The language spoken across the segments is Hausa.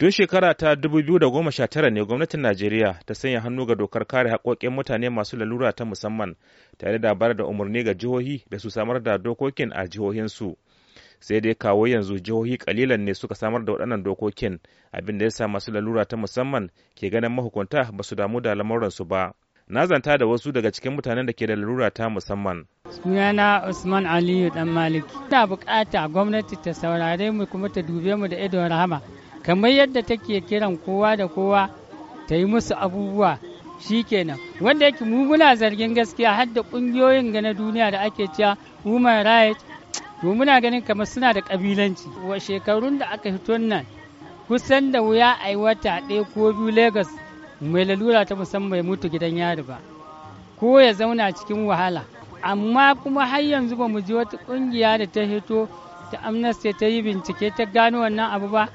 Tun shekara ta tara ne gwamnatin Najeriya ta sanya hannu ga dokar kare haƙoƙin mutane masu lalura ta musamman tare da bayar da umarni ga jihohi da su samar da dokokin a jihohinsu. Sai dai kawo yanzu jihohi kalilan ne suka samar da waɗannan dokokin abin da ya sa masu lalura ta musamman ke ganin mahukunta ba su damu da lamuransu ba. Na zanta da wasu daga cikin mutanen da ke da lalura ta musamman. Sunana Usman Aliyu Dan Maliki. Ina bukata gwamnati ta saurare mu kuma ta dube mu da ido rahama. kamar yadda take kiran kowa da kowa ta yi musu abubuwa shi kenan wanda yake mu muna zargin gaskiya har da ƙungiyoyin ga na duniya da ake cewa human rights to muna ganin kamar suna da ƙabilanci wa shekarun da aka fito nan kusan da wuya a yi wata ɗaya ko biyu lagos mai lalura ta musamman mutu gidan yari ba ko ya zauna cikin wahala amma kuma har yanzu ba mu ji wata ƙungiya da ta hito ta amnesty ta yi bincike ta gano wannan abu ba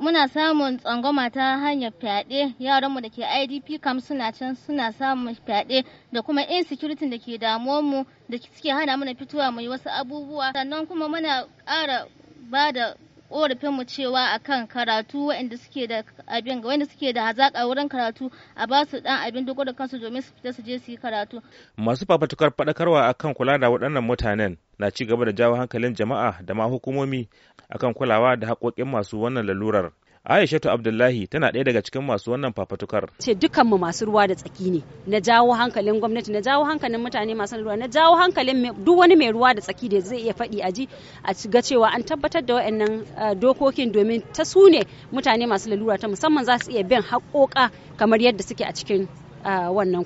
muna samun tsangwama ta hanyar fyaɗe yaranmu da ke idp kam suna can suna samun fyaɗe da kuma insecurity da ke mu da suke hana mana fitowa mu yi wasu abubuwa sannan kuma muna ƙara ba da korafinmu cewa akan karatu waɗanda suke da abin ga waɗanda suke da hazaƙa wurin karatu a ba su ɗan abin da kansu domin su fita su je su yi karatu. Masu fafatukar faɗakarwa akan kula da waɗannan mutanen na ci gaba da jawo hankalin jama'a da ma hukumomi akan kulawa da haƙoƙin masu wannan lalurar. Aishatu Abdullahi tana ɗaya daga cikin masu wannan fafatukar. Ce dukanmu masu ruwa da tsaki ne. Na jawo hankalin gwamnati, na jawo hankalin mutane masu ruwa, na jawo hankalin duk wani mai ruwa da tsaki da zai iya faɗi a ji a ga cewa an tabbatar da waɗannan eh, dokokin domin ta su ne mutane masu lalura ta musamman za su iya bin haƙoƙa kamar yadda suke a cikin eh, wannan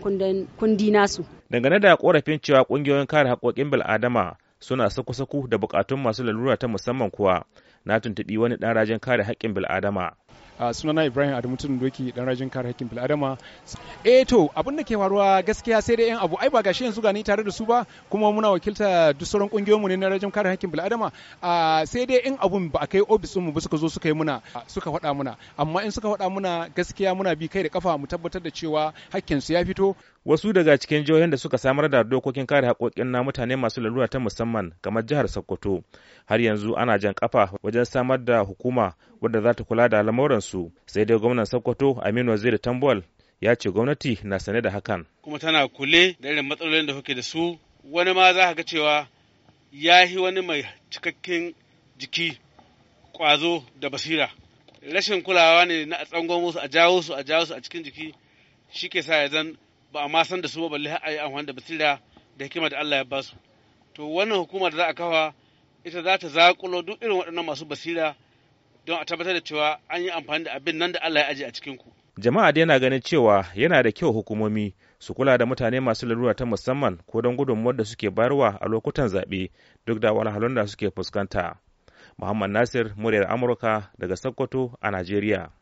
kundi nasu. Dangane da korafin cewa ƙungiyoyin kare haƙoƙin bil'adama suna saku-saku da buƙatun masu lalura ta musamman kuwa. na tuntubi wani dan rajin kare haƙƙin bil'adama sunana ibrahim adamu tun doki dan rajin kare hakkin bil'adama eh to abin da ke faruwa gaskiya sai dai yan abu ai ba gashi yanzu gani tare da su ba kuma muna wakilta duk sauran kungiyoyinmu ne na rajin kare hakkin bil'adama uh, sai dai yan abun ba a kai ofis mu ba suka zo suka yi muna suka faɗa muna amma in suka faɗa muna gaskiya muna bi kai da kafa mu tabbatar da cewa hakkin su ya fito Wasu daga cikin jihohin da suka samar da dokokin kare haƙoƙin na mutane masu lalura ta musamman kamar jihar Sokoto har yanzu ana jan kafa wajen samar da hukuma wadda za ta kula da lamuransu sai dai gwamnan Sokoto Aminu Waziri Tambol ya ce gwamnati na sane da hakan. Kuma tana kule da irin matsalolin da kuke da su wani ma za ga cewa ya yi wani mai cikakken jiki ƙwazo da basira. Rashin kulawa ne na a tsangon musu a jawo su a jawo su a cikin jiki shi ke sa ya zan ba a ma da su ba balle a yi amfani da basira da hikima da Allah ya ba su to wannan hukuma da za a kafa ita za ta zakulo duk irin waɗannan masu basira don a tabbatar da cewa an yi amfani da abin nan da Allah ya aje a cikin ku jama'a dai yana ganin cewa yana da kyau hukumomi su kula da mutane masu larura ta musamman ko don gudunmuwar da suke bayarwa a lokutan zaɓe duk da wahalhalun da suke fuskanta muhammad nasir muryar amurka daga sokoto a najeriya